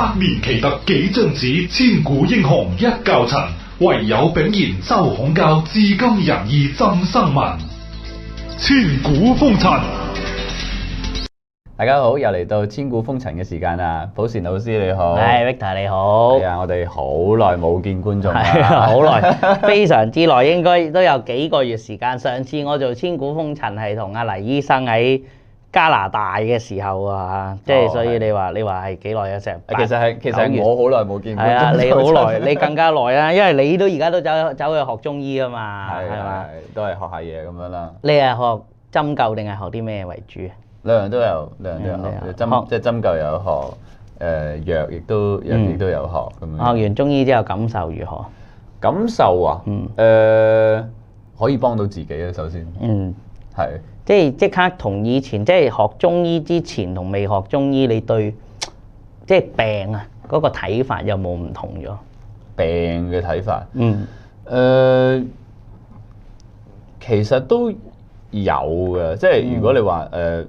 百年奇特幾張紙，千古英雄一窖塵。唯有炳然周孔教，至今仁義浸生民。千古風塵。大家好，又嚟到千古風塵嘅時間喇！寶善老師你好，係 Victor 你好。係啊，我哋好耐冇見觀眾好耐，非常之耐，應該都有幾個月時間。上次我做千古風塵係同阿黎醫生喺。加拿大嘅時候啊，即係所以你話你話係幾耐一隻？其實係其實我好耐冇見過。係啊，你好耐，你更加耐啊，因為你都而家都走走去學中醫啊嘛，係嘛？都係學下嘢咁樣啦。你係學針灸定係學啲咩為主啊？兩樣都有，兩樣都有，針即係針灸有學，誒藥亦都藥亦都有學咁樣。學完中醫之後感受如何？感受啊，誒可以幫到自己啊，首先。係，即係即刻同以前，即係學中醫之前同未學中醫，你對即係病啊嗰個睇法有冇唔同咗？病嘅睇法，嗯，誒、呃，其實都有嘅。即係如果你話誒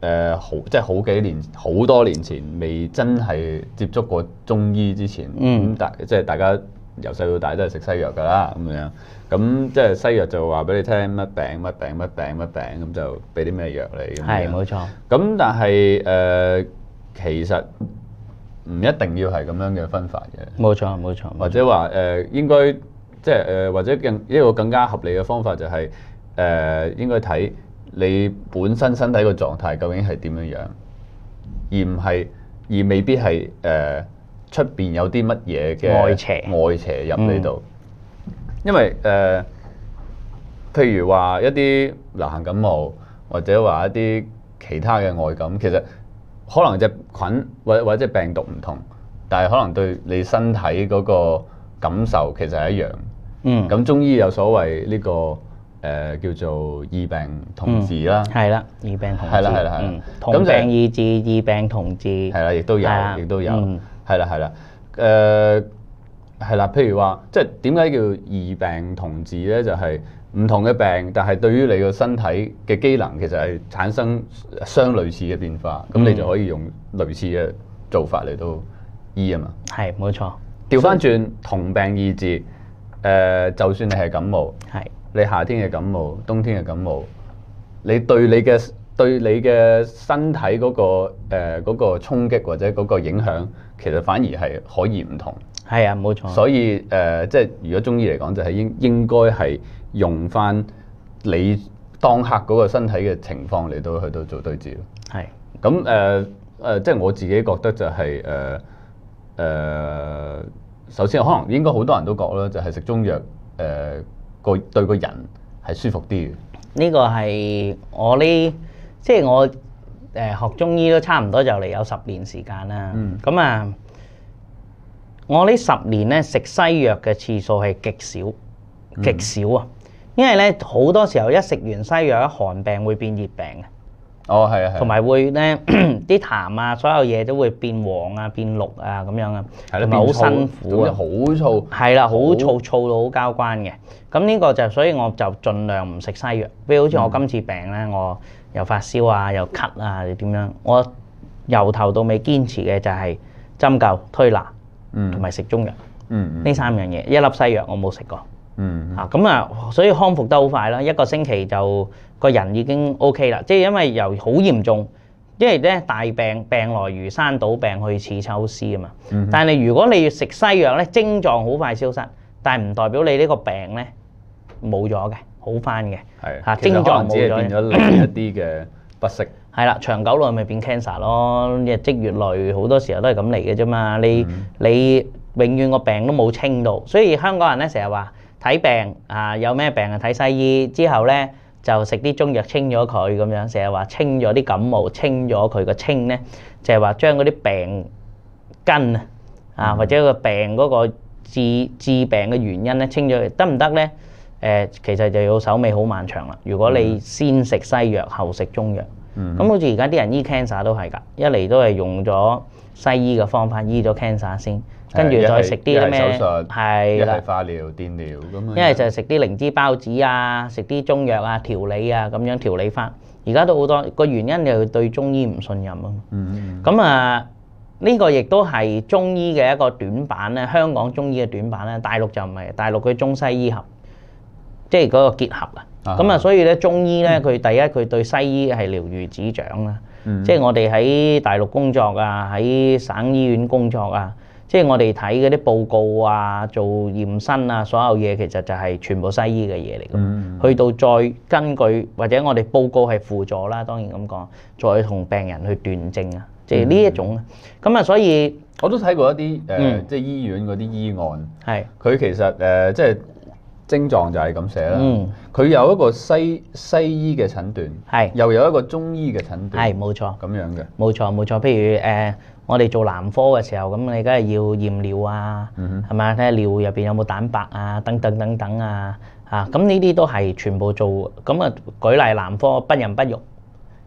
誒好，即係好幾年、好多年前未真係接觸過中醫之前，咁大、嗯、即係大家。由細到大都係食西藥㗎啦，咁樣，咁即係西藥就話俾你聽乜病乜病乜病乜病，咁就俾啲咩藥你咁樣。冇錯。咁但係誒、呃，其實唔一定要係咁樣嘅分法嘅。冇錯，冇錯，錯或、呃就是呃。或者話誒，應該即係誒，或者更一個更加合理嘅方法就係、是、誒、呃，應該睇你本身身體個狀態究竟係點樣樣，而唔係而未必係誒。呃出邊有啲乜嘢嘅外邪外邪入呢度？嗯、因為誒、呃、譬如話一啲流行感冒，或者話一啲其他嘅外感，其實可能隻菌或或者病毒唔同，但係可能對你身體嗰個感受其實係一樣。嗯，咁中醫有所謂呢、呢個誒、呃、叫做異病同治啦，係啦、嗯，異病同治，係啦係啦，嗯，同病異治，異病同治，係啦、就是，亦、嗯嗯、都有，亦都有。嗯係啦，係啦，誒係啦。譬如話，即係點解叫異病同治咧？就係、是、唔同嘅病，但係對於你個身體嘅機能，其實係產生相類似嘅變化，咁、嗯、你就可以用類似嘅做法嚟到醫啊嘛。係冇錯，調翻轉同病異治。誒、呃，就算你係感冒，係的你夏天嘅感冒、冬天嘅感冒，你對你嘅對你嘅身體嗰、那個誒嗰、呃那個衝擊或者嗰個影響。其實反而係可以唔同，係啊，冇錯。所以誒、呃，即係如果中醫嚟講，就係應應該係用翻你當客嗰個身體嘅情況嚟到去到做對治咯。係。咁誒誒，即係我自己覺得就係誒誒，首先可能應該好多人都覺得啦，就係食中藥誒個、呃、對個人係舒服啲。呢個係我呢，即係我。誒學中醫都差唔多就嚟有十年時間啦。咁啊、嗯嗯，我呢十年咧食西藥嘅次數係極少，極少啊！因為咧好多時候一食完西藥，寒病會變熱病嘅。哦，係啊。同埋會咧啲痰啊，所有嘢都會變黃啊、變綠啊咁樣啊，係咪好辛苦啊，嗯、好燥。係啦，好燥燥，到好交關嘅。咁呢個就係、所以我就儘量唔食西藥。譬如好似我今次病咧，我。我我我嗯嗯又發燒啊，又咳啊，又點樣？我由頭到尾堅持嘅就係針灸、推拿同埋食中藥呢三樣嘢，一粒西藥我冇食過。嚇咁啊，所以康復得好快啦，一個星期就個人已經 OK 啦。即係因為又好嚴重，因為咧大病病來如山倒，病去似抽絲啊嘛。但係如果你要食西藥咧，症狀好快消失，但係唔代表你呢個病咧冇咗嘅。好翻嘅，係啊，症狀冇咗，另一啲嘅不適。係 啦，長久來咪變 cancer 咯。日積月累，好多時候都係咁嚟嘅啫嘛。你、嗯、你永遠個病都冇清到，所以香港人咧成日話睇病啊，有咩病啊睇西醫，之後咧就食啲中藥清咗佢咁樣。成日話清咗啲感冒，清咗佢個清咧，就係話將嗰啲病根啊啊，或者個病嗰個治治病嘅原因咧清咗，佢得唔得咧？誒，其實就要手尾好漫長啦。如果你先食西藥，後食中藥，咁好似而家啲人醫 cancer 都係㗎，一嚟都係用咗西醫嘅方法醫咗 cancer 先，跟住再食啲咩？手術，一係化療、電療，療，咁一係就係食啲靈芝孢子啊，食啲中藥啊，調理啊，咁樣調理翻。而家都好多個原因就對中醫唔信任啊。咁、嗯、哼啊，呢個亦都係中醫嘅一個短板咧，香港中醫嘅短板咧，大陸就唔係，大陸佢中西醫合。即係嗰個結合啊！咁啊，所以咧，中醫咧，佢第一佢對西醫係了如指掌啦。即係我哋喺大陸工作啊，喺省醫院工作啊，即係我哋睇嗰啲報告啊，做驗身啊，所有嘢其實就係全部西醫嘅嘢嚟。嗯，去到再根據或者我哋報告係輔助啦，當然咁講，再同病人去斷症啊，即係呢一種。咁啊，所以我都睇過一啲誒，即係醫院嗰啲醫案，係佢其實誒，即係。症狀就係咁寫啦。嗯，佢有一個西西醫嘅診斷，係是又有一個中醫嘅診斷，係冇錯。咁樣嘅，冇錯冇錯。譬如誒、呃，我哋做男科嘅時候，咁你梗係要驗尿啊，嗯哼，係咪睇下尿入邊有冇蛋白啊？等等等等啊，嚇咁呢啲都係全部做。咁啊，舉例男科不孕不育。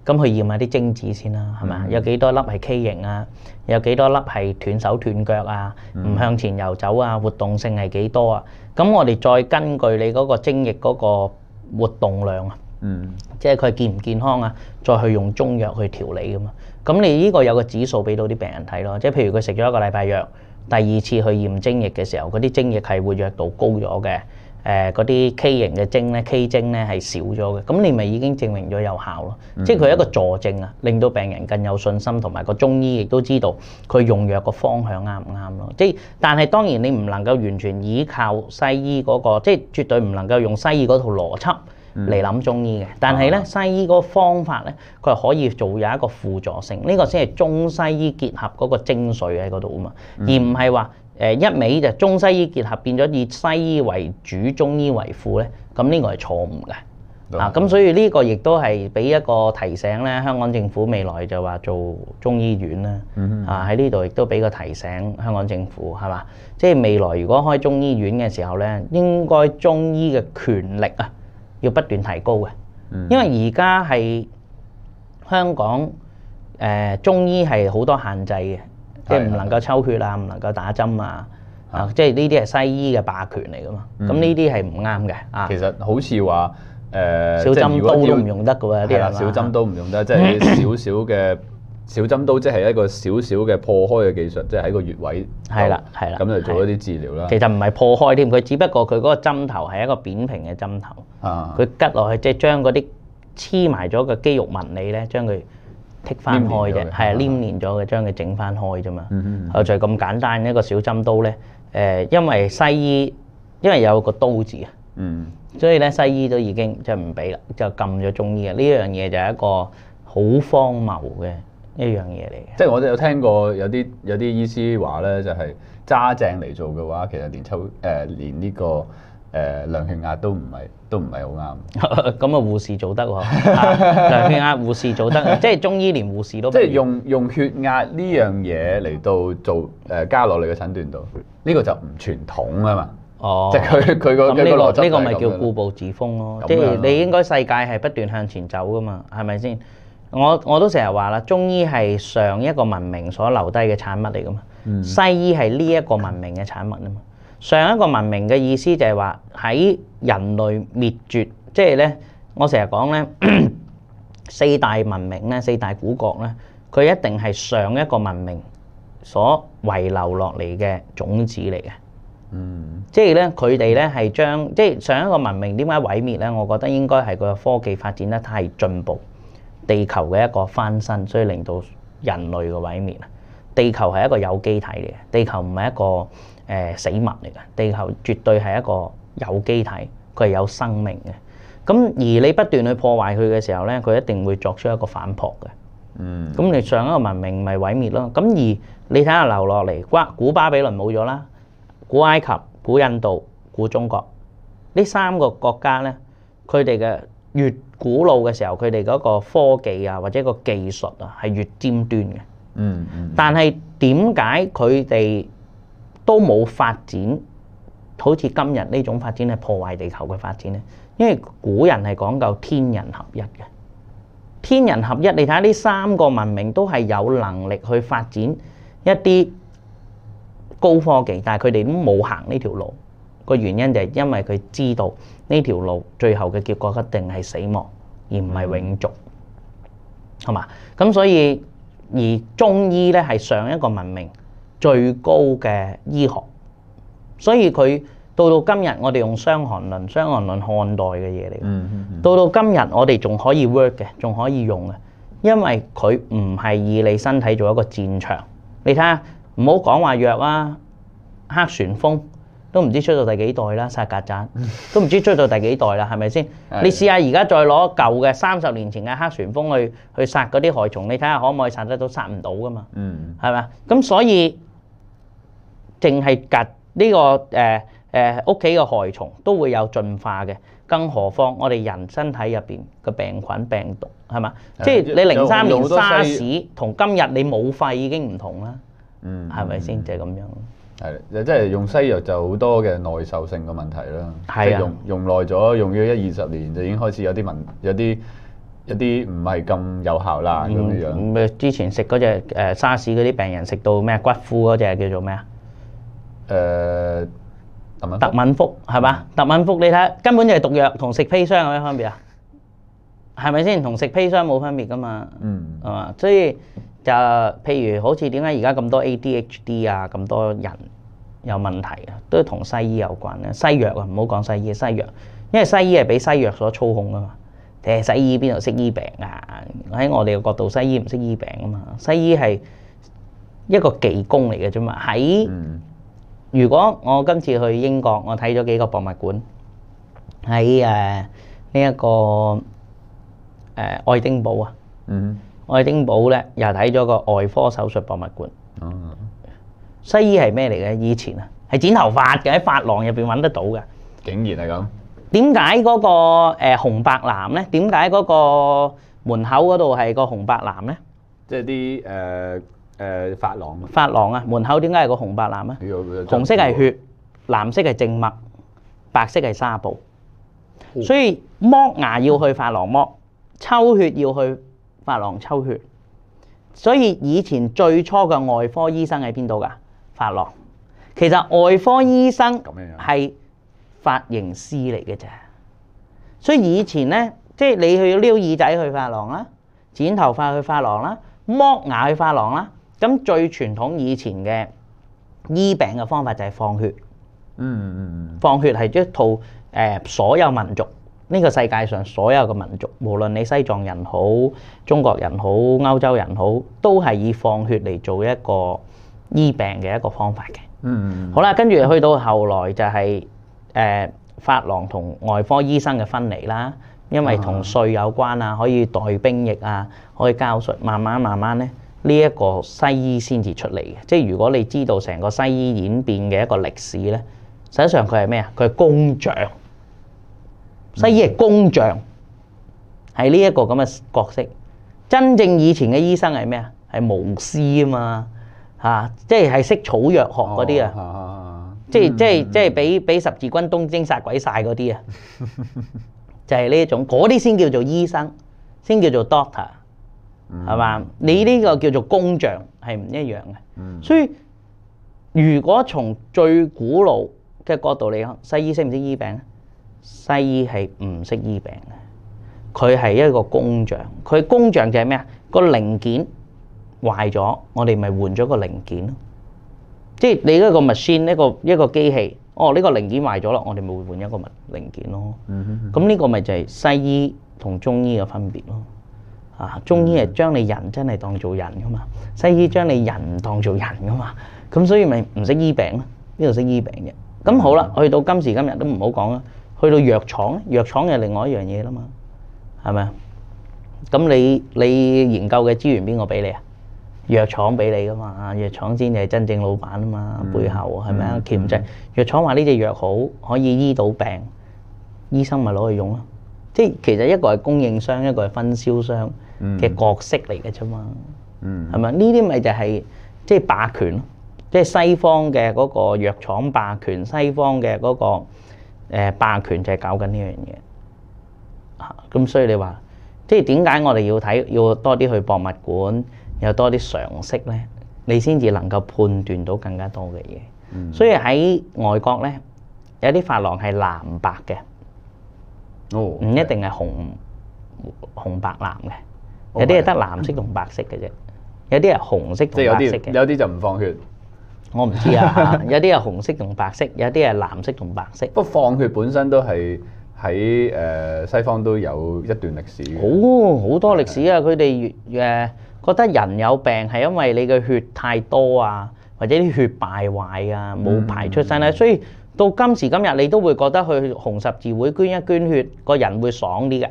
咁去驗下啲精子先啦，係咪？嗯、有幾多粒係畸形啊？有幾多粒係斷手斷腳啊？唔向前游走啊？活動性係幾多啊？咁我哋再根據你嗰個精液嗰個活動量啊，嗯、即係佢健唔健康啊，再去用中藥去調理㗎嘛。咁你呢個有個指數俾到啲病人睇咯，即係譬如佢食咗一個禮拜藥，第二次去驗精液嘅時候，嗰啲精液係活躍度高咗嘅。誒嗰啲 K 型嘅精咧，K 精咧係少咗嘅，咁你咪已經證明咗有效咯，嗯、即係佢一個佐證啊，令到病人更有信心，同埋個中醫亦都知道佢用藥個方向啱唔啱咯。即係，但係當然你唔能夠完全依靠西醫嗰、嗰個，即係絕對唔能夠用西醫嗰套邏輯嚟諗中醫嘅。嗯嗯、但係咧，啊、西醫嗰個方法咧，佢係可以做有一個輔助性，呢、呢個先係中西醫結合嗰個精髓喺嗰度啊嘛，而唔係話。誒一味就中西醫結合變咗以西醫為主，中醫為輔咧，咁呢個係錯誤嘅。嗱白，咁、啊、所以呢個亦都係俾一個提醒咧，香港政府未來就話做中醫院啦。嗯、哼啊，喺呢度亦都俾個提醒香港政府係嘛？即係、就是、未來如果開中醫院嘅時候咧，應該中醫嘅權力啊，要不斷提高嘅。因為而家係香港誒、呃、中醫係好多限制嘅。即係唔能夠抽血啦，唔能夠打針啊！啊，即係呢啲係西醫嘅霸權嚟噶嘛？咁呢啲係唔啱嘅啊！其實好似話誒，小針刀都唔用得嘅喎，啲小針刀唔用得，即係少少嘅小針刀，即係一個少少嘅破開嘅技術，即係喺個穴位。係啦，係啦，咁就做一啲治療啦。其實唔係破開添，佢只不過佢嗰個針頭係一個扁平嘅針頭，佢吉落去即係將嗰啲黐埋咗個肌肉紋理咧，將佢。剔翻開啫，係黏連咗嘅， 將佢整翻開啫嘛。後就咁簡單一個小針刀咧，誒、呃，因為西醫因為有個刀字啊， 所以咧西醫都已經即係唔俾啦，就禁咗中醫啊。呢樣嘢就係一個好荒謬嘅一樣嘢嚟嘅。即係我有聽過有啲有啲醫師話咧，就係、是、揸正嚟做嘅話，其實連抽誒、呃、連呢、這個。誒、量血壓都唔係都唔係好啱，咁啊護士做得喎，量血壓護士做得，即係中醫連護士都即係用用血壓呢樣嘢嚟到做誒加落嚟嘅診斷度，呢個就唔傳統啊嘛，哦，即係佢佢個佢個邏輯係咁，咁呢個咪叫固步自封咯，即係你應該世界係不斷向前走噶嘛，係咪先？我我都成日話啦，中醫係上一個文明所留低嘅產物嚟噶嘛，西醫係呢一個文明嘅產物啊嘛。上一個文明嘅意思就係話喺人類滅絕，即係咧，我成日講咧，四大文明咧、四大古國咧，佢一定係上一個文明所遺留落嚟嘅種子嚟嘅。嗯，即係咧，佢哋咧係將即係上一個文明點解毀滅咧？我覺得應該係個科技發展得太進步，地球嘅一個翻身，所以令到人類嘅毀滅啊！地球係一個有機體嚟嘅，地球唔係一個。誒死物嚟嘅，地球絕對係一個有機體，佢係有生命嘅。咁而你不斷去破壞佢嘅時候咧，佢一定會作出一個反撲嘅。嗯。咁你上一個文明咪毀滅咯？咁而你睇下留落嚟，古巴比倫冇咗啦，古埃及、古印度、古中國呢三個國家咧，佢哋嘅越古老嘅時候，佢哋嗰個科技啊，或者個技術啊，係越尖端嘅。嗯。但係點解佢哋都冇發展，好似今日呢種發展係破壞地球嘅發展咧。因為古人係講究天人合一嘅，天人合一。你睇下呢三個文明都係有能力去發展一啲高科技，但係佢哋都冇行呢條路。個原因就係因為佢知道呢條路最後嘅結果一定係死亡，而唔係永續，係嘛？咁所以而中醫咧係上一個文明。最高嘅醫學，所以佢到到今日，我哋用傷寒論、傷寒論看待嘅嘢嚟。嗯嗯。到到今日，我哋仲可以 work 嘅，仲可以用嘅，因為佢唔係以你身體做一個戰場。你睇下，唔好講話藥啦，黑旋風都唔知出到第幾代啦，殺曬曱甴都唔知出到第幾代啦，係咪先？你試下而家再攞舊嘅三十年前嘅黑旋風去去殺嗰啲害蟲，你睇下可唔可以殺得到？殺唔到噶嘛？嗯嗯。係咪？咁所以。淨係隔呢個誒、誒屋企嘅害蟲都會有進化嘅，更何況我哋人身體入邊嘅病菌病毒係嘛？即係你零三年沙士同今日你冇肺已經唔同啦。嗯，係咪先？就係咁樣。係，即係用西藥就好多嘅耐受性嘅問題啦。係啊，用、用耐咗，用咗一二十年就已經開始有啲問、有啲、有啲唔係咁有效啦咁嘅樣。咁啊，之前食嗰隻誒沙士嗰啲病人食到咩骨枯嗰隻叫做咩啊？誒特敏、特敏福係嘛？特敏福你睇根本就係毒藥，同食砒霜有咩分別啊？係咪先？同食砒霜冇分別噶嘛？係嘛？所以就譬如好似點解而家咁多 ADHD 啊，咁多人有問題啊，都係同西醫有關啦。西藥啊，唔好講西醫，西藥因為西醫係俾西藥所操控噶嘛。誒西醫邊度識醫病啊？喺我哋嘅角度，西醫唔識醫病噶嘛。西醫係一個技工嚟嘅啫嘛，喺。如果我今次去英國，我睇咗幾個博物館，喺誒呢一個誒愛丁堡啊，愛丁堡咧又睇咗個外科手術博物館。哦，西醫係咩嚟嘅？以前啊，係剪頭髮嘅，喺髮廊入邊搵得到嘅。竟然係咁。點解嗰個誒紅白藍咧？點解嗰個門口嗰度係個紅白藍咧？即係啲誒。誒髮廊，髮廊啊！門口點解係個紅白藍啊？紅色係血，藍色係靜脈，白色係紗布。哦、所以剝牙要去髮廊剝，抽血要去髮廊抽血。所以以前最初嘅外科醫生喺邊度㗎？髮廊，其實外科醫生係髮型師嚟嘅啫。所以以前呢，即係你去撩耳仔去髮廊啦，剪頭髮去髮廊啦，剝牙去髮廊啦。咁最傳統以前嘅醫病嘅方法就係放血。嗯嗯嗯。放血係一套誒，所有民族呢個世界上所有嘅民族，無論你西藏人好、中國人好、歐洲人好，都係以放血嚟做一個醫病嘅一個方法嘅。嗯嗯。好啦，跟住去到後來就係誒髮廊同外科醫生嘅分離啦，因為同稅有關啊，可以代兵役啊，可以交稅，慢慢慢慢咧。呢一個西醫先至出嚟嘅，即係如果你知道成個西醫演變嘅一個歷史咧，實際上佢係咩啊？佢係工匠，西醫係工匠，係呢一個咁嘅角色。真正以前嘅醫生係咩啊？係巫師啊嘛，嚇，即係係識草藥學嗰啲啊，即係、哦啊嗯、即係即係俾俾十字軍東征殺鬼晒嗰啲啊，就係呢一種，嗰啲先叫做醫生，先叫做 doctor。係嘛？你呢個叫做工匠係唔一樣嘅，所以如果從最古老嘅角度嚟講，西醫識唔識醫病咧？西醫係唔識醫病嘅，佢係一個工匠。佢工匠就係咩啊？個零件壞咗，我哋咪換咗個零件咯。即係你一個 machine，一個一個機器，哦，呢個零件壞咗喇，我哋咪換一個物零件咯。咁呢個咪就係西醫同中醫嘅分別咯。啊！中醫係將你人真係當做人噶嘛，西醫將你人唔當做人噶嘛，咁所以咪唔識醫病咯？邊度識醫病嘅？咁好啦，去到今時今日都唔好講啦。去到藥廠咧，藥廠又另外一樣嘢啦嘛，係咪啊？咁你你研究嘅資源邊個俾你啊？藥廠俾你噶嘛，藥廠先至係真正老闆啊嘛，背後係咪啊？潛在製藥廠話呢隻藥好，可以醫到病，醫生咪攞去用咯。即係其實一個係供應商，一個係分銷商。嘅角色嚟嘅啫嘛，係咪、mm？呢啲咪就係即係霸權咯，即係西方嘅嗰個藥廠霸權，西方嘅嗰個誒霸權就係搞緊呢樣嘢。咁所以你話，即係點解我哋要睇，要多啲去博物館，又多啲常識咧，你先至能夠判斷到更加多嘅嘢。Mm hmm. 所以喺外國咧，有啲髮廊係藍白嘅，唔、oh, okay. 一定係紅紅白藍嘅。有啲係得藍色同白色嘅啫，有啲係紅色同白色，有啲就唔放血。我唔知啊，有啲係紅色同白色，有啲係藍色同白色。不過放、啊、放血本身都係喺誒西方都有一段歷史。哦，好多歷史啊！佢哋誒覺得人有病係因為你嘅血太多啊，或者啲血敗壞啊，冇排出身啦，嗯、所以到今時今日你都會覺得去紅十字會捐一捐血，個人會爽啲嘅。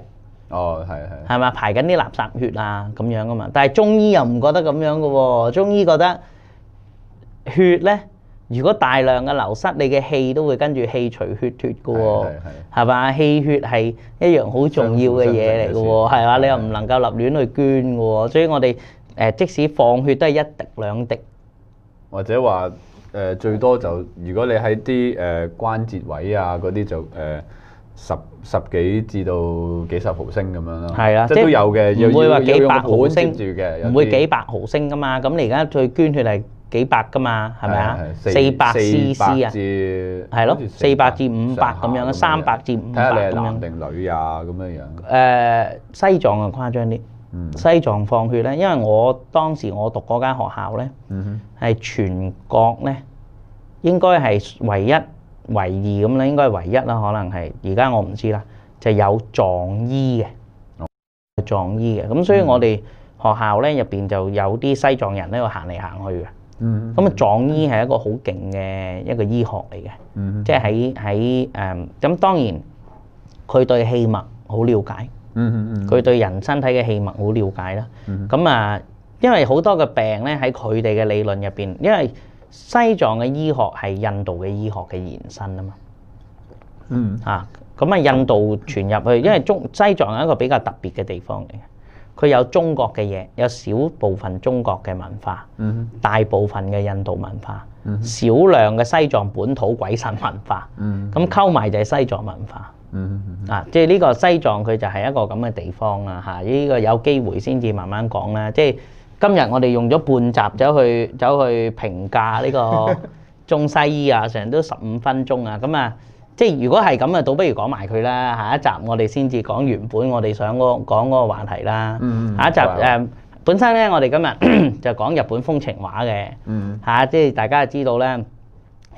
哦，係係。係嘛，排緊啲垃圾血啊，咁樣噶嘛，但係中醫又唔覺得咁樣噶喎、哦，中醫覺得血咧，如果大量嘅流失，你嘅氣都會跟住氣隨血脫噶喎、哦，係嘛、yes, yes , yes,？氣血係一樣好重要嘅嘢嚟噶喎，係嘛？你又唔能夠立亂去捐噶喎、哦，yes, yes. 所以我哋誒、呃、即使放血都係一滴兩滴，或者話誒、呃、最多就如果你喺啲誒關節位啊嗰啲就誒。呃十十幾至到幾十毫升咁樣咯，即係都有嘅，唔會話幾百毫升住嘅，唔會幾百毫升噶嘛。咁你而家最捐血係幾百噶嘛，係咪啊？四百 cc 啊，係咯，四百至五百咁樣，三百至五百咁樣。睇下你係男定女啊咁樣樣。誒，西藏啊誇張啲，西藏放血咧，因為我當時我讀嗰間學校咧，係全國咧應該係唯一。唯二咁咧，應該係唯一啦，可能係而家我唔知啦，就係、有藏醫嘅，藏醫嘅咁，所以我哋學校咧入邊就有啲西藏人咧行嚟行去嘅。咁啊、嗯，藏、嗯嗯、醫係一個好勁嘅一個醫學嚟嘅，即係喺喺誒咁當然佢對氣脈好了解，佢、嗯嗯嗯、對人身體嘅氣脈好了解啦。咁啊、嗯嗯，因為好多嘅病咧喺佢哋嘅理論入邊，因為西藏嘅醫學係印度嘅醫學嘅延伸啊嘛，嗯、mm，hmm. 啊，咁啊印度傳入去，因為中西藏係一個比較特別嘅地方嚟嘅，佢有中國嘅嘢，有少部分中國嘅文化，嗯、mm，hmm. 大部分嘅印度文化，嗯、mm，hmm. 少量嘅西藏本土鬼神文化，嗯、mm，咁溝埋就係西藏文化，嗯、mm hmm. 啊，即係呢個西藏佢就係一個咁嘅地方啦嚇，呢、啊這個有機會先至慢慢講啦，即係。今日我哋用咗半集走去走去評價呢個中西醫啊，成日都十五分鐘啊，咁啊，即係如果係咁啊，倒不如講埋佢啦。下一集我哋先至講原本我哋想嗰講嗰個話題啦。嗯、下一集誒，本身咧我哋今日就講日本風情畫嘅，嚇、嗯啊，即係大家就知道咧。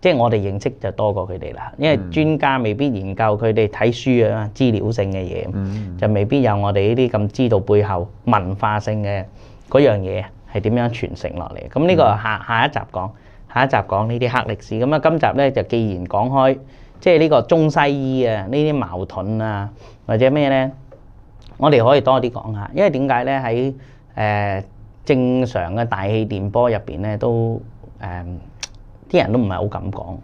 即係我哋認識就多過佢哋啦，因為專家未必研究佢哋睇書啊，資料性嘅嘢，嗯、就未必有我哋呢啲咁知道背後文化性嘅嗰樣嘢係點樣傳承落嚟。咁呢個下下一集講，下一集講呢啲黑歷史。咁啊，今集呢，就既然講開，即係呢個中西醫啊，呢啲矛盾啊，或者咩呢，我哋可以多啲講下，因為點解呢？喺誒、呃、正常嘅大氣電波入邊呢，都誒。呃啲人都唔係好敢講，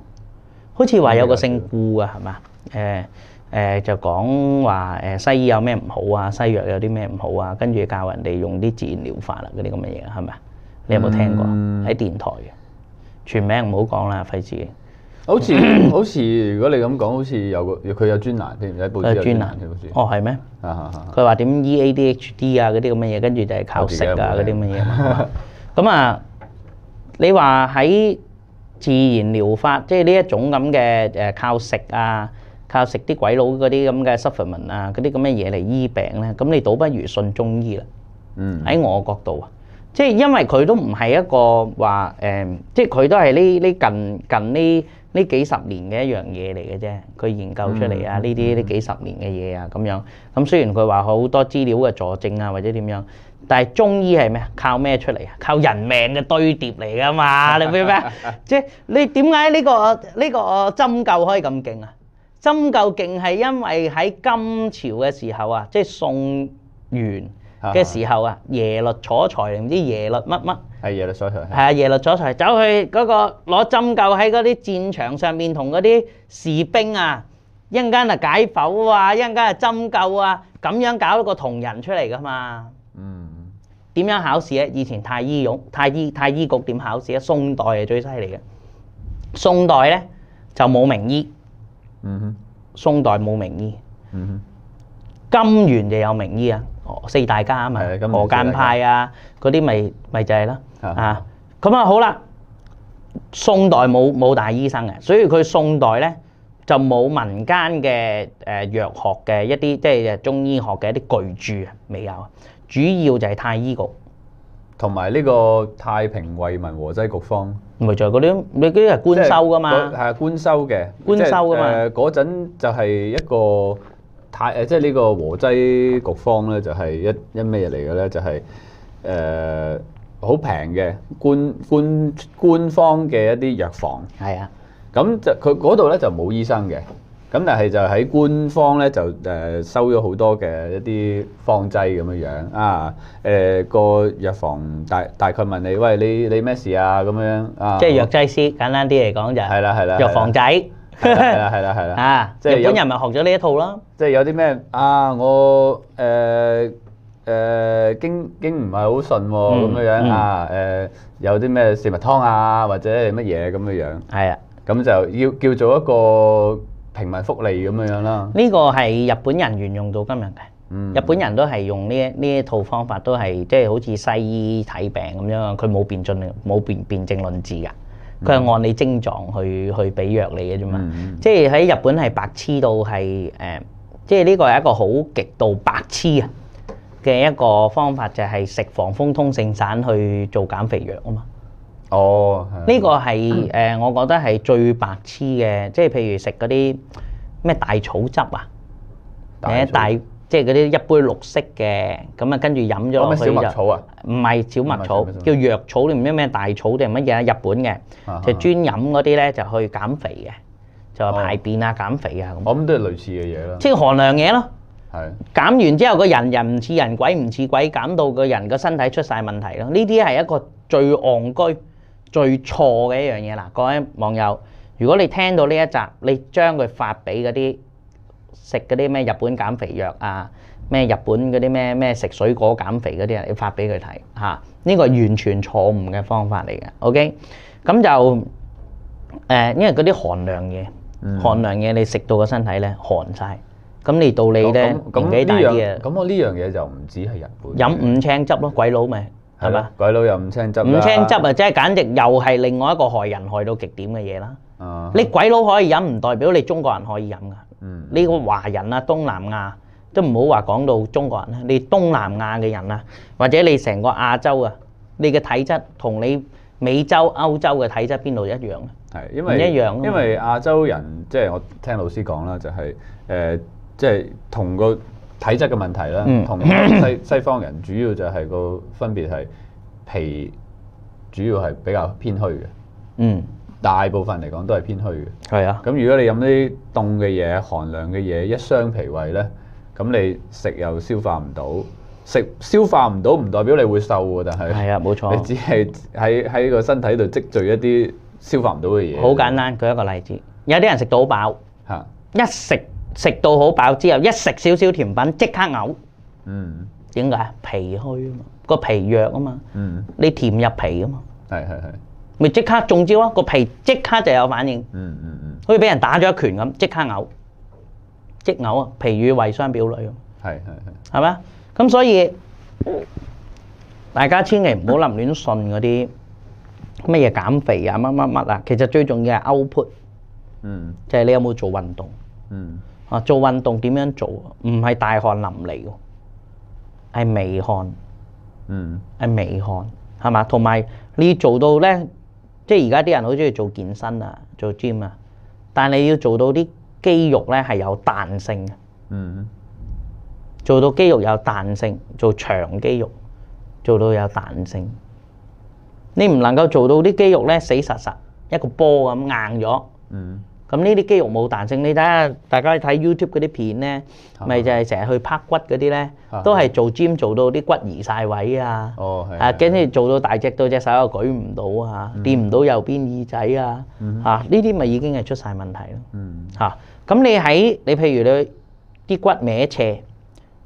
好似話有個姓顧嘅係嘛？誒誒就講話誒西醫有咩唔好啊，西藥有啲咩唔好啊，跟住教人哋用啲自然療法啦，嗰啲咁嘅嘢係咪啊？你有冇聽過喺電台嘅？全名唔好講啦，費事。好似好似如果你咁講，好似有個佢有專欄，喺報紙有專欄。係專欄喺報紙。哦，係咩？啊啊啊！佢話點 EADHD 啊嗰啲咁嘅嘢，跟住就係靠食啊嗰啲乜嘢。咁啊，你話喺？自然療法，即係呢一種咁嘅誒，靠食啊，靠食啲鬼佬嗰啲咁嘅 supplement 啊，嗰啲咁嘅嘢嚟醫病咧，咁你倒不如信中醫啦。嗯。嗯，喺我角度啊，即係因為佢都唔係一個話誒，即係佢都係呢呢近近呢呢幾十年嘅一樣嘢嚟嘅啫，佢研究出嚟啊，呢啲呢幾十年嘅嘢啊咁樣。咁雖然佢話好多資料嘅佐證啊，或者點樣。但係中醫係咩？靠咩出嚟啊？靠人命嘅堆疊嚟噶嘛？你明唔明？ 即係你點解呢個呢、呢個、呢個、針灸可以咁勁啊？針灸勁係因為喺金朝嘅時候啊，即係宋元嘅時候啊， 耶律楚材，唔知耶律乜乜係耶律楚材。係啊耶律楚材走去嗰、嗰個攞針灸喺嗰啲戰場上面同嗰啲士兵啊，一陣間啊解剖啊，一陣間啊針灸啊，咁樣搞到個同人出嚟噶嘛？嗯。點樣考試咧？以前太醫局、太醫、太醫局點考試咧？宋代係最犀利嘅。宋代咧就冇名醫。嗯哼。宋代冇名醫。嗯哼。金元就有名醫啊！哦，四大家啊嘛，河間派啊，嗰啲咪咪就係啦。啊。咁啊好啦，宋代冇冇大醫生嘅，所以佢宋代咧就冇民間嘅誒藥學嘅一啲即係中醫學嘅一啲巨著啊，未有。主要就係太醫局，同埋呢個太平惠民和劑局方，唔就係嗰啲，你嗰啲係官修噶嘛？係官修嘅、呃就是呃，官修噶嘛？誒嗰陣就係一個太誒，即係呢個和劑局方咧，就係一一咩嚟嘅咧？就係誒好平嘅官官官方嘅一啲藥房。係啊，咁就佢嗰度咧就冇醫生嘅。咁但係就喺官方咧，就誒收咗好多嘅一啲方劑，咁樣樣啊，誒個藥房大大概問你喂，你你咩事啊？咁樣啊，即係藥劑師簡單啲嚟講就係啦，係啦，藥房仔係啦，係啦，係啦，啊即係日本人咪學咗呢一套囉，即係有啲咩啊，我誒誒經經唔係好順咁樣啊，誒有啲咩食物湯啊或者係乜嘢咁樣，係啊，咁就要叫做一個。平民福利咁樣樣啦，呢個係日本人沿用到今日嘅。嗯、日本人都係用呢呢一套方法都，都係即係好似西醫睇病咁樣，佢冇辨，辨，辨證冇辨辨證論治㗎，佢係按狀你症狀去去俾藥你嘅啫嘛。嗯、即係喺日本係白痴到係誒、呃，即係呢個係一個好極度白痴嘅一個方法，就係食防風通聖散去做減肥藥咁嘛。哦，呢個係誒，我覺得係最白痴嘅，即係譬如食嗰啲咩大草汁啊，誒大即係嗰啲一杯綠色嘅，咁啊跟住飲咗草就唔係小麥草，叫藥草你唔知咩大草定乜嘢啊？日本嘅就專飲嗰啲咧，就去減肥嘅，就排便啊、減肥啊咁。我諗都係類似嘅嘢啦，即係寒涼嘢咯。係減完之後，個人人唔似人，鬼唔似鬼，減到個人個身體出晒問題咯。呢啲係一個最戇居，最錯嘅一樣嘢啦，各位網友，如果你聽到呢一集，你將佢發俾嗰啲食嗰啲咩日本減肥藥啊，咩日本嗰啲咩咩食水果減肥嗰啲人，你發俾佢睇吓，呢、啊這個係完全錯誤嘅方法嚟嘅。OK，咁就誒、呃，因為嗰啲寒涼嘢，嗯、寒涼嘢你食到個身體咧寒晒。咁你到你咧年紀大啲嘅，咁我呢樣嘢就唔止係日本，飲五青汁咯，鬼佬咪。誒係嘛？鬼佬又唔青汁，唔青汁啊！即係簡直又係另外一個害人害到極點嘅嘢啦。啊！你鬼佬可以飲，唔代表你中國人可以飲㗎。嗯。呢個華人啊，東南亞都唔好話講到中國人啦。你東南亞嘅人啊，或者你成個亞洲啊，你嘅體質同你美洲、歐洲嘅體質邊度一樣咧？係，因為一樣，因為亞洲人即係我聽老師講啦，就係誒，即係同個。體質嘅問題啦，同西西方人主要就係個分別係脾主要係比較偏虛嘅。嗯，大部分嚟講都係偏虛嘅，係啊的。咁如果你飲啲凍嘅嘢、寒涼嘅嘢，一傷脾胃咧，咁你食又消化唔到。食消化唔到唔代表你會瘦喎，但係係啊，冇錯，你只係喺喺個身體度積聚一啲消化唔到嘅嘢。好簡單，舉一個例子，有啲人食到好飽，嚇的一食。食到好飽之後，一食少少甜品即刻嘔。嗯。點解啊？脾虛啊嘛，個脾弱啊嘛。嗯。你甜入脾啊嘛。係係係。咪即刻中招啊！個脾即刻就有反應。嗯嗯嗯。好似俾人打咗一拳咁，即刻嘔，即嘔啊！脾與胃相表裏啊。係係係。係嘛？咁所以大家千祈唔好諗亂信嗰啲乜嘢減肥啊、乜乜乜啊。其實最重要係 output。嗯。就係你有冇做運動？嗯。啊！做運動點樣做？唔係大汗淋漓，係微汗。嗯，係微汗，係嘛？同埋你做到咧，即係而家啲人好中意做健身啊，做 gym 啊。但係你要做到啲肌肉咧係有彈性，嗯，做到肌肉有彈性，做長肌肉做到有彈性。你唔能夠做到啲肌肉咧死實實一個波咁硬咗。嗯。咁呢啲肌肉冇彈性，你睇下大家睇 YouTube 嗰啲片咧，咪就係成日去拍骨嗰啲咧，都係做 gym 做到啲骨移曬位啊，啊跟住做到大隻到隻手又舉唔到啊，掂唔到右邊耳仔啊，啊呢啲咪已經係出曬問題咯，嚇！咁你喺你譬如你啲骨歪斜，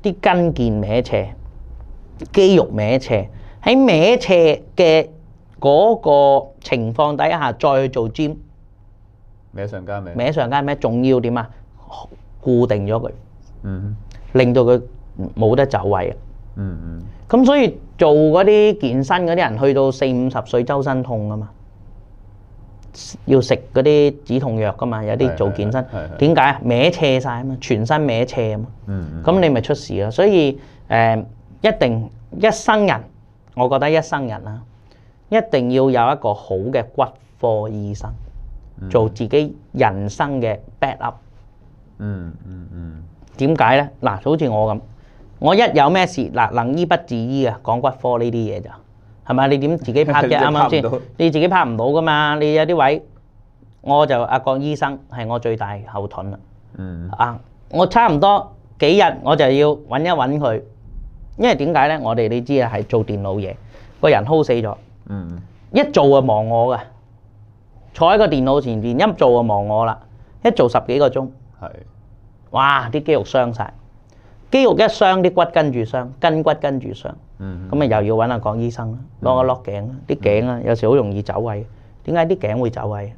啲筋腱歪斜，肌肉歪斜，喺歪斜嘅嗰個情況底下再去做 gym。歪上加歪，歪上加歪，仲要點啊？固定咗佢，嗯嗯，令到佢冇得走位啊，嗯嗯。咁所以做嗰啲健身嗰啲人，去到四五十歲周身痛啊嘛，要食嗰啲止痛藥噶嘛，有啲做健身，點解啊？歪斜曬啊嘛，全身歪斜啊嘛，嗯嗯。咁你咪出事咯。所以誒，一定一生人，我覺得一生人啊，一定要有一個好嘅骨科醫生。做自己人生嘅 back up。嗯嗯嗯。點解咧？嗱，好似我咁，我一有咩事，嗱，能醫不自醫嘅，講骨科呢啲嘢就係咪？你點自己拍嘅？啱啱先？你自己拍唔到噶嘛？你有啲位，我就阿郭醫生係我最大後盾啦。嗯。啊，我差唔多幾日我就要揾一揾佢，因為點解咧？我哋你知啊，係做電腦嘢，個人 hold 死咗。嗯。一做啊，忘我噶。坐喺個電腦前邊一做就忘我啦，一做十幾個鐘，係，哇！啲肌肉傷晒，肌肉一傷啲骨跟住傷，筋骨跟住傷，嗯，咁啊又要揾阿郭醫生，幫我落頸啦，啲頸啦有時好容易走位，點解啲頸會走位？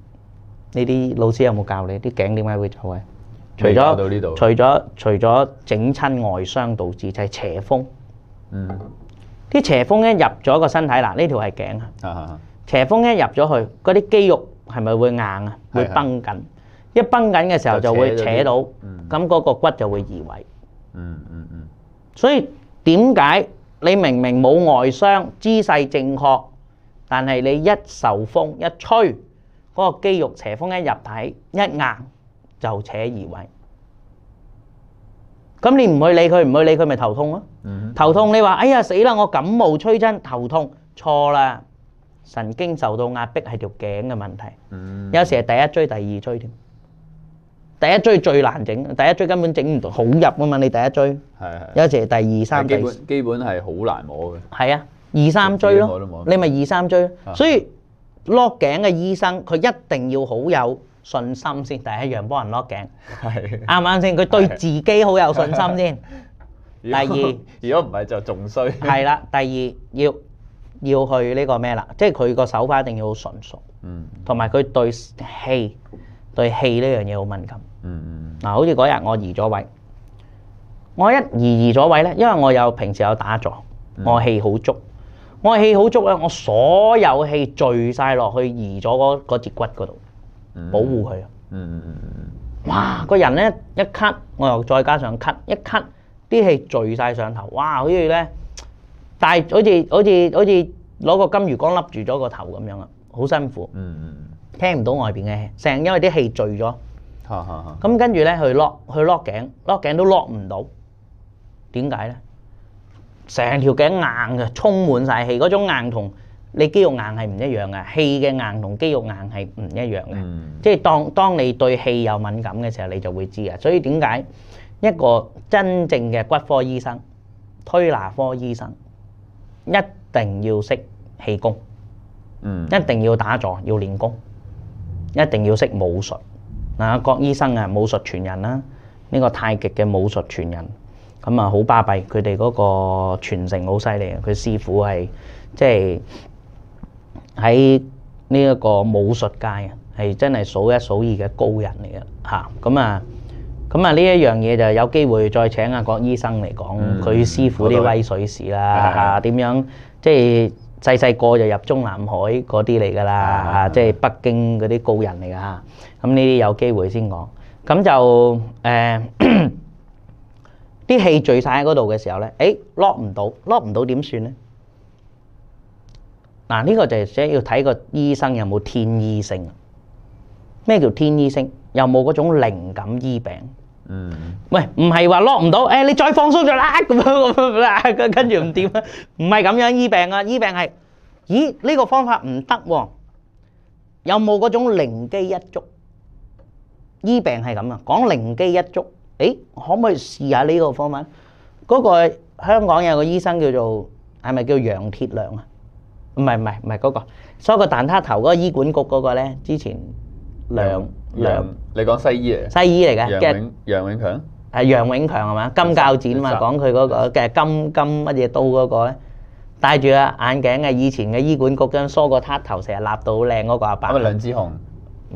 呢啲老師有冇教你啲頸點解會走位？除咗，除咗除咗整親外傷導致就係邪風，嗯，啲邪風一入咗個身體嗱，呢條係頸啊，啊啊啊，邪風一入咗去嗰啲肌肉。係咪會硬啊？會崩緊，一崩緊嘅時候就會扯到，咁嗰個骨就會移位。嗯嗯嗯。所以點解你明明冇外傷，姿勢正確，但係你一受風一吹，嗰個肌肉邪風一入體一硬就扯移位。咁你唔去理佢，唔去理佢，咪頭痛咯。頭痛你話哎呀死啦！我感冒吹真頭痛，錯啦。神經受到壓迫係條頸嘅問題，嗯，有時係第一椎、第二椎添，第一椎最難整，第一椎根本整唔到，好入啊嘛！你第一椎，有時係第二、三椎，基本係好難摸嘅。係啊，二三椎咯，你咪二三椎咯。所以落頸嘅醫生，佢一定要好有信心先。第一樣幫人落頸，啱唔啱先？佢對自己好有信心先。第二，如果唔係就仲衰。係啦，第二要。要去呢個咩啦？即係佢個手法一定要好純熟，同埋佢對氣對氣呢樣嘢好敏感。嗱、嗯，嗯、好似嗰日我移咗位，我一移移咗位咧，因為我有平時有打坐，我氣好足，我氣好足咧，我所有氣聚晒落去移咗嗰個節骨嗰度，保護佢。哇、嗯嗯嗯！個人咧一咳，我又再加上咳，一咳啲氣聚晒上頭，哇！好似咧～但係好似好似好似攞個金魚缸笠住咗個頭咁樣啊！好辛苦，聽唔到外邊嘅聲，因為啲氣聚咗。咁跟住咧，去 lock 去 lock 頸，lock 頸都 lock 唔到。點解咧？成條頸硬嘅，充滿晒氣。嗰種硬同你肌肉硬係唔一樣嘅，氣嘅硬同肌肉硬係唔一樣嘅。即係當當你對氣有敏感嘅時候，你就會知啊。所以點解一個真正嘅骨科醫生、推拿科醫生，一定要識氣功，嗯，一定要打坐，要練功，一定要識武術。嗱，郭醫生啊，武術傳人啦，呢個太極嘅武術傳人，咁啊好巴閉，佢哋嗰個傳承好犀利嘅，佢師傅係即係喺呢一個武術界啊，係真係數一數二嘅高人嚟嘅吓，咁啊。咁啊，呢一樣嘢就係有機會再請阿郭醫生嚟講佢師傅啲威水史啦。點樣即係細細個就入中南海嗰啲嚟㗎啦。即係北京嗰啲高人嚟㗎。咁呢啲有機會先講。咁就誒啲氣聚晒喺嗰度嘅時候咧，誒攞唔到，攞唔到點算咧？嗱，呢個就即係要睇個醫生有冇天醫星。咩叫天醫星？有冇嗰種靈感醫病？嗯，喂，唔係話攞唔到，誒，你再放鬆咗啦，咁樣咁啦，跟跟住唔掂啊，唔係咁樣醫病啊，醫病係，咦，呢個方法唔得，有冇嗰種靈機一觸？醫病係咁啊，講靈機一觸，誒，可唔可以試下呢個方法？嗰個香港有個醫生叫做係咪叫楊鐵樑啊？唔係唔係唔係嗰個，所以個蛋撻頭嗰個醫管局嗰個咧，之前樑。梁，你講西醫嚟？西醫嚟嘅，楊永楊永強，係楊永強係嘛？金較剪嘛，講佢嗰個嘅金金乜嘢刀嗰個咧，戴住啊眼鏡嘅，以前嘅醫管局嗰張梳個撻頭，成日立到好靚嗰個阿伯。係咪梁智雄？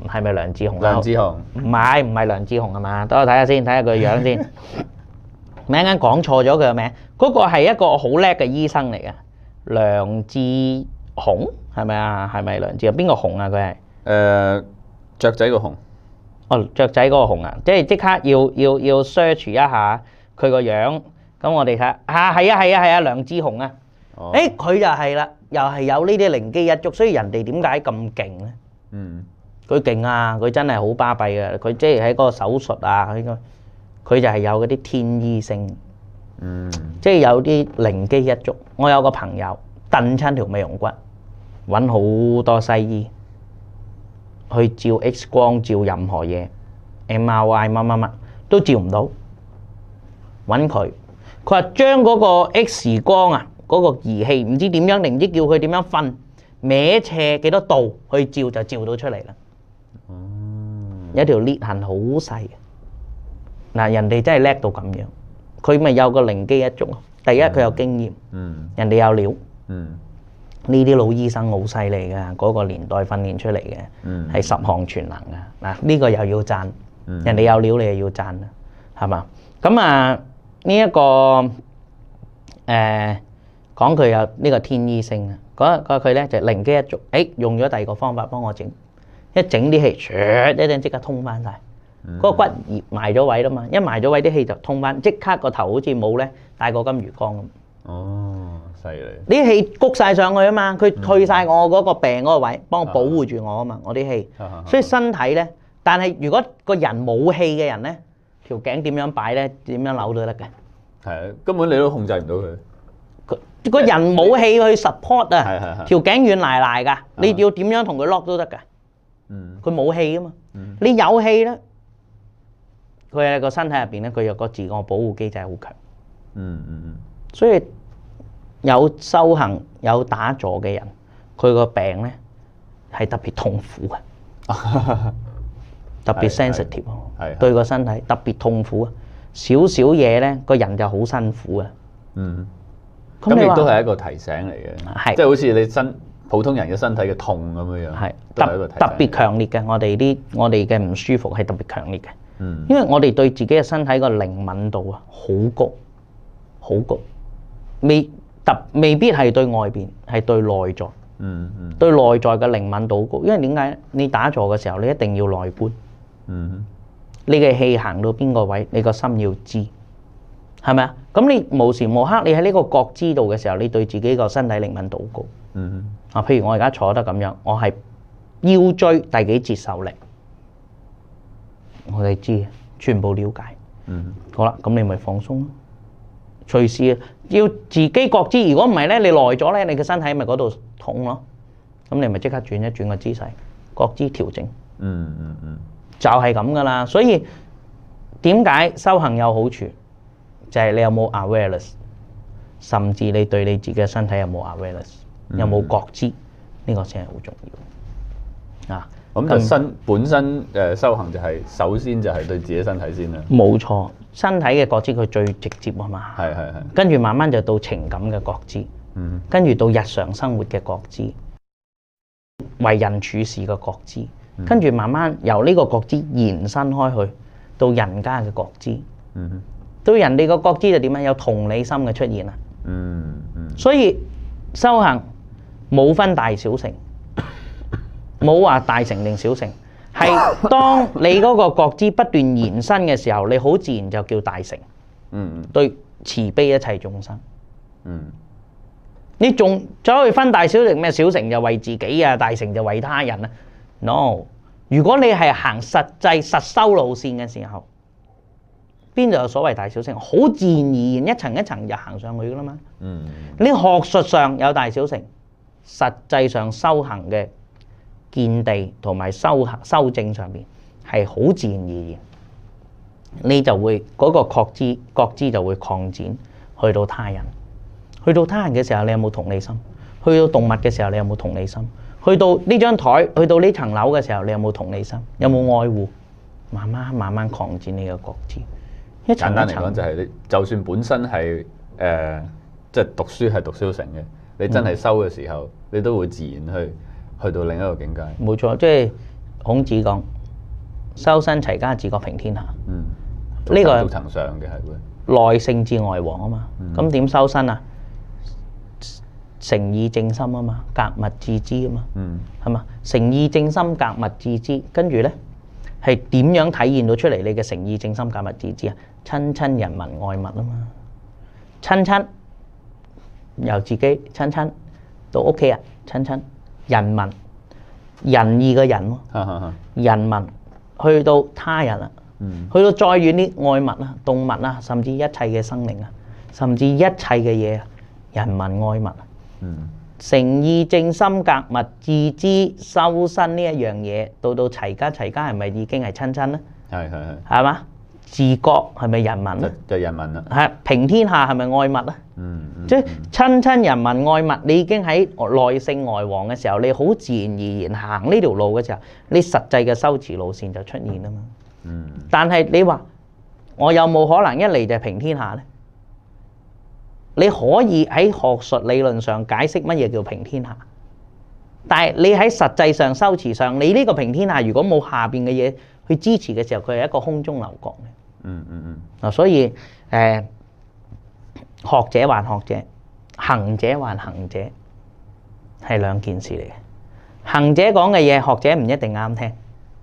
係咪梁智雄啊？梁智雄唔係唔係梁智雄係嘛？等我睇下先，睇下佢樣先。一陣講錯咗佢嘅名，嗰個係一個好叻嘅醫生嚟嘅，梁智雄係咪啊？係咪梁智雄？邊個雄啊？佢係誒雀仔個雄。哦，雀仔嗰個紅啊，即係即刻要要要 search 一下佢個樣，咁我哋睇嚇，係啊係啊係啊，兩隻熊啊，誒佢就係啦，又係有呢啲靈機一觸。所以人哋點解咁勁咧？嗯，佢勁啊，佢真係好巴閉嘅，佢即係喺嗰個手術啊，呢個佢就係有嗰啲天醫星，嗯，即係有啲靈機一觸。我有個朋友燉親條美容骨，揾好多西醫。去照 X 光照任何嘢，MRI 乜乜乜都照唔到，揾佢，佢話將嗰個 X 光啊嗰個儀器唔知點樣，定唔知叫佢點樣瞓，歪斜幾多度去照就照到出嚟啦。哦，一條裂痕好細，嗱，人哋真係叻到咁樣，佢咪有個靈機一觸咯。第一佢有經驗，人哋有料。呢啲老醫生好犀利噶，嗰個年代訓練出嚟嘅，係十項全能噶。嗱，呢個又要讚，人哋有料你又要讚，係嘛？咁啊，呢一個誒講佢有呢個天醫星啊，嗰個佢咧就靈機一觸，誒用咗第二個方法幫我整，一整啲氣，唰一陣即刻通翻曬。嗰個骨移埋咗位啦嘛，一埋咗位啲氣就通翻，即刻個頭好似冇咧，大過金魚缸咁。哦。你啲氣谷曬上去啊嘛，佢退曬我嗰個病嗰個位，幫我保護住我啊嘛，我啲氣。所以身體咧，但係如果個人冇氣嘅人咧，條頸點樣擺咧，點樣扭都得嘅。係啊，根本你都控制唔到佢。佢個人冇氣去 support 啊，條頸軟賴賴㗎，你要點樣同佢 lock 都得㗎。嗯。佢冇氣啊嘛。嗯。你有氣咧，佢喺個身體入邊咧，佢有個自我保護機制好強。嗯嗯嗯。所以。有修行有打坐嘅人，佢個病咧係特別痛苦嘅， 特別 sensitive， 對個身體特別痛苦啊！少少嘢咧，個人就好辛苦啊。嗯，咁亦都係一個提醒嚟嘅，即係是好似你身普通人嘅身體嘅痛咁樣樣，係特是特別強烈嘅。我哋啲我哋嘅唔舒服係特別強烈嘅，嗯，因為我哋對自己嘅身體個靈敏度啊好高好高，高未？特未必係對外邊，係對內在。嗯嗯。對內在嘅靈敏度高，因為點解？你打坐嘅時候，你一定要內觀。嗯。你嘅氣行到邊個位，你個心要知，係咪啊？咁你無時無刻，你喺呢個覺知度嘅時候，你對自己個身體靈敏度高。嗯。啊，譬如我而家坐得咁樣，我係腰椎第幾節受力？我哋知，全部瞭解。嗯。好啦，咁你咪放鬆。隨時啊，要自己覺知。如果唔係咧，你耐咗咧，你嘅身體咪嗰度痛咯。咁你咪即刻轉一轉個姿勢，覺知調整。嗯嗯嗯，就係咁㗎喇。所以點解修行有好處，就係你有冇 awareness，甚至你對你自己嘅身體有冇 awareness，有冇覺知，呢個先係好重要啊。咁就身本身誒修行就係首先就係對自己身體先啦。冇錯，身體嘅覺知佢最直接啊嘛。係係係。跟住慢慢就到情感嘅覺知，嗯哼，跟住到日常生活嘅覺知，為人處事嘅覺知，嗯、哼，跟住慢慢由呢個覺知延伸開去到人家嘅覺知，嗯哼，到人哋嘅覺知就點樣？有同理心嘅出現啊，嗯哼，所以修行冇分大小成。冇話大乘定小乘，係當你嗰個覺知不斷延伸嘅時候，你好自然就叫大乘。嗯，對慈悲一切眾生。嗯，你仲再可以分大小乘，咩？小乘就為自己啊，大乘就為他人啊。No，如果你係行實際實修路線嘅時候，邊度有所謂大小乘？好自然一層一層就行上去㗎喇嘛。嗯，你學術上有大小乘，實際上修行嘅。見地同埋修修證上面係好自然而然，你就會嗰、那個覺知覺知就會擴展去到他人，去到他人嘅時候，你有冇同理心？去到動物嘅時候，你有冇同理心？去到呢張台，去到呢層樓嘅時候，你有冇同理心？有冇愛護？慢慢慢慢擴展你嘅覺知。一層一層簡單嚟講、就是，就係你就算本身係誒，即、呃、係、就是、讀書係讀書成嘅，你真係修嘅時候，嗯、你都會自然去。去到另一個境界，冇錯，即係孔子講修身齊家治國平天下。嗯，呢個係層上嘅係會內聖治外王啊嘛。咁點修身啊？誠意正心啊嘛，格物致知啊嘛，係嘛、嗯？誠意正心格物致知，跟住咧係點樣體現到出嚟？你嘅誠意正心格物致知啊，親親仁民愛物啊嘛，親親由自己親親到屋企啊，親親。人民仁義嘅人人，人民去到他人啦，去到再遠啲愛物啦、動物啦，甚至一切嘅生命，啊，甚至一切嘅嘢，人民愛物啊，嗯、誠意正心格物自知修身呢一樣嘢，到到齊家齊家係咪已經係親親咧？係係係，係嘛？治國係咪人民就人民啦、啊。係平天下係咪愛物啊、嗯？嗯。即、就是、親親人民愛物，你已經喺內聖外王嘅時候，你好自然而然行呢條路嘅時候，你實際嘅修持路線就出現啦嘛。嗯。但係你話我有冇可能一嚟就係平天下呢？你可以喺學術理論上解釋乜嘢叫平天下，但係你喺實際上修持上，你呢個平天下如果冇下邊嘅嘢去支持嘅時候，佢係一個空中樓閣。嗯嗯嗯，嗱，所以，誒，學者還學者，行者還行者，係兩件事嚟嘅。行者講嘅嘢，學者唔一定啱聽。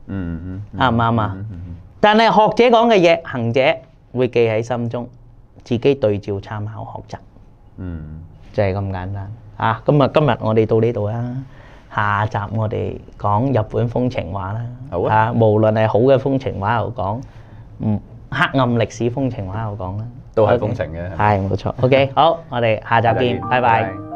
嗯嗯，啱唔啱啊？嗯嗯。但係學者講嘅嘢，行者會記喺心中，自己對照參考學習。嗯。就係咁簡單。啊，咁啊，今日今日我哋到呢度啦。下集我哋講日本風情話啦。好啊。啊，無論係好嘅風情話又講，唔。黑暗歷史風情，話我講啦，都係風情嘅，係，冇錯。OK， 好，我哋下集見，拜拜。